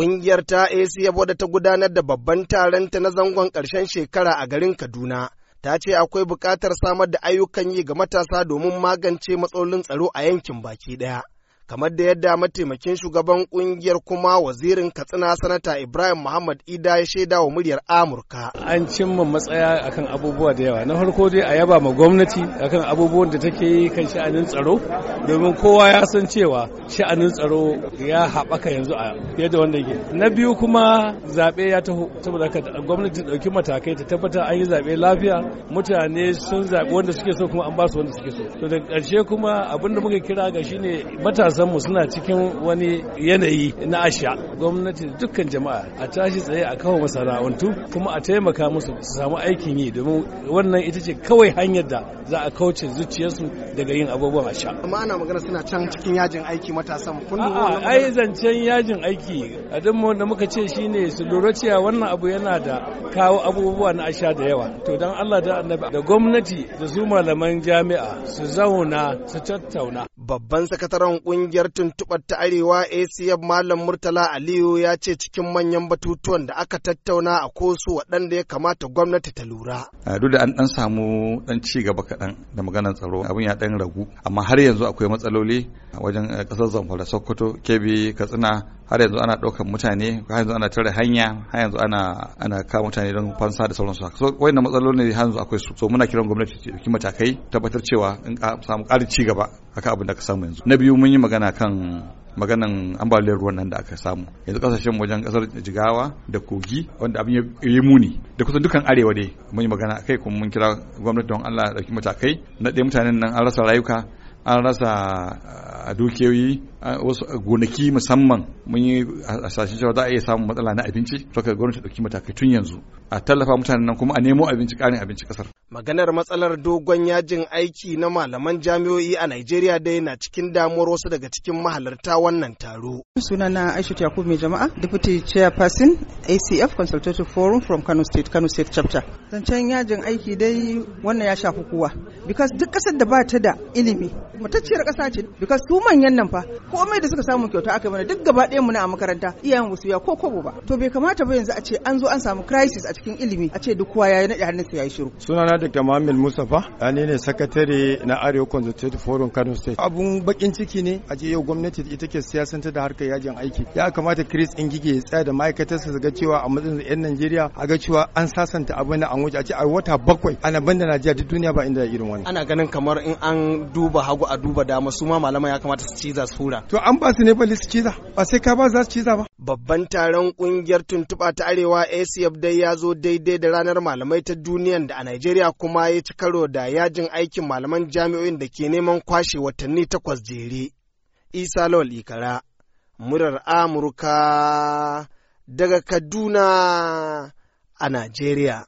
Ƙungiyar ta ACF wadda ta gudanar da babban taronta na zangon ƙarshen shekara a garin Kaduna. ta ce akwai buƙatar samar da ayyukan yi ga matasa domin magance matsalolin tsaro a yankin baki ɗaya. kamar da yadda mataimakin shugaban kungiyar kuma wazirin katsina sanata ibrahim muhammad ida ya shaida wa muryar amurka an cimma matsaya akan abubuwa da yawa na farko dai a yaba ma gwamnati akan abubuwan da take yi kan sha'anin tsaro domin kowa ya san cewa sha'anin tsaro ya haɓaka yanzu a fiye da wanda ke. na biyu kuma zaɓe ya taho saboda haka gwamnati ɗauki matakai ta tabbatar an yi zaɓe lafiya mutane sun zaɓi wanda suke so kuma an ba su wanda suke so to da ƙarshe kuma abinda muka kira ga shine matasa mu suna cikin wani yanayi na asha gwamnati da dukkan jama'a a tashi tsaye a kawo masana'antu kuma a taimaka musu su samu aikin yi domin wannan ita ce kawai hanyar da za a kauce zuciyarsu daga yin abubuwan asha amma ana magana suna can cikin yajin aiki matasan kun ai zancen yajin aiki abin mu da muka ce shine su lura cewa wannan abu yana da kawo abubuwa na asha da yawa to dan Allah da annabi da gwamnati da su malaman jami'a su zauna su tattauna babban sakataren kungiyar ƙungiyar tuntuɓar ta arewa acf malam murtala aliyu ya ce cikin manyan batutuwan da aka tattauna a kosu waɗanda ya kamata gwamnati ta lura duk da an ɗan samu ɗan ci gaba kaɗan da maganar tsaro abin ya ɗan ragu amma har yanzu akwai matsaloli wajen eh, ƙasar zamfara sokoto kebbi katsina har yanzu ana ɗaukar mutane har yanzu ana tare hanya har yanzu ana ana mutane don fansa da sauransu so wayannan matsaloli ne har yanzu akwai su so muna kiran gwamnati ta matakai tabbatar cewa in samu ƙarin ci gaba akan abin da ka samu yanzu na biyu mun yi magana kan maganan ambaliyar ruwan nan da aka samu yanzu kasashen wajen kasar jigawa da kogi wanda abin ya yi muni da kusan dukkan arewa ne mun yi magana kai kuma mun kira gwamnati don Allah dauki matakai na ɗaya mutanen nan an rasa rayuka an rasa ah, dukiyoyi ah, wasu gonaki musamman mun yi sashen cewa za a iya samun matsala na abinci to ka gwamnati dauki matakai tun yanzu a tallafa mutanen nan kuma a nemo abinci karin abinci kasar maganar matsalar dogon yajin aiki na malaman jami'o'i a Najeriya dai na cikin damuwar wasu daga cikin mahalarta wannan taro. Sunana Aisha Yakubu mai jama'a, Deputy Chairperson ACF Consultative Forum from Kano State, Kano State Chapter. Zancen yajin aiki dai wannan ya shafi kowa. Because duk ƙasar da ba ta da ilimi, matacciyar ƙasa ce. Because su manyan nan fa, komai da suka samu kyauta aka mana duk gaba ɗayan mu na a makaranta, iyayen wasu ya ko kobo ba. To bai kamata ba yanzu a ce an zo an samu crisis a cikin ilimi, a ce duk kowa ya yi hannun hannunsa ya yi shiru. Sunana Dr. Mohamed Mustapha, ni ne sakatare na Arewa Consultative Forum Kano State. Abun bakin ciki ne a ce yau gwamnati ita ke siyasanta da harkar yajin aiki. Ya kamata Chris Ingige ya tsaya da ma'aikatarsa su ga cewa a matsayin 'yan Najeriya a ga cewa an sasanta abin da an wuce a ce a wata bakwai ana banda Najeriya duk duniya ba inda irin wani. Ana ganin kamar in an duba hagu a duba dama su ma malama ya kamata su ciza su hura. To an ba su ne ba su ciza ba sai ka ba za su ciza ba. Babban taron ƙungiyar tuntuɓa ta Arewa ACF dai ya zo daidai da ranar malamai ta duniyan da a Najeriya kuma ya ci karo da yajin aikin malaman jami'o'in da ke neman kwashe watanni takwas jere. Isa Lawal Ikara, murar Amurka daga Kaduna a Najeriya.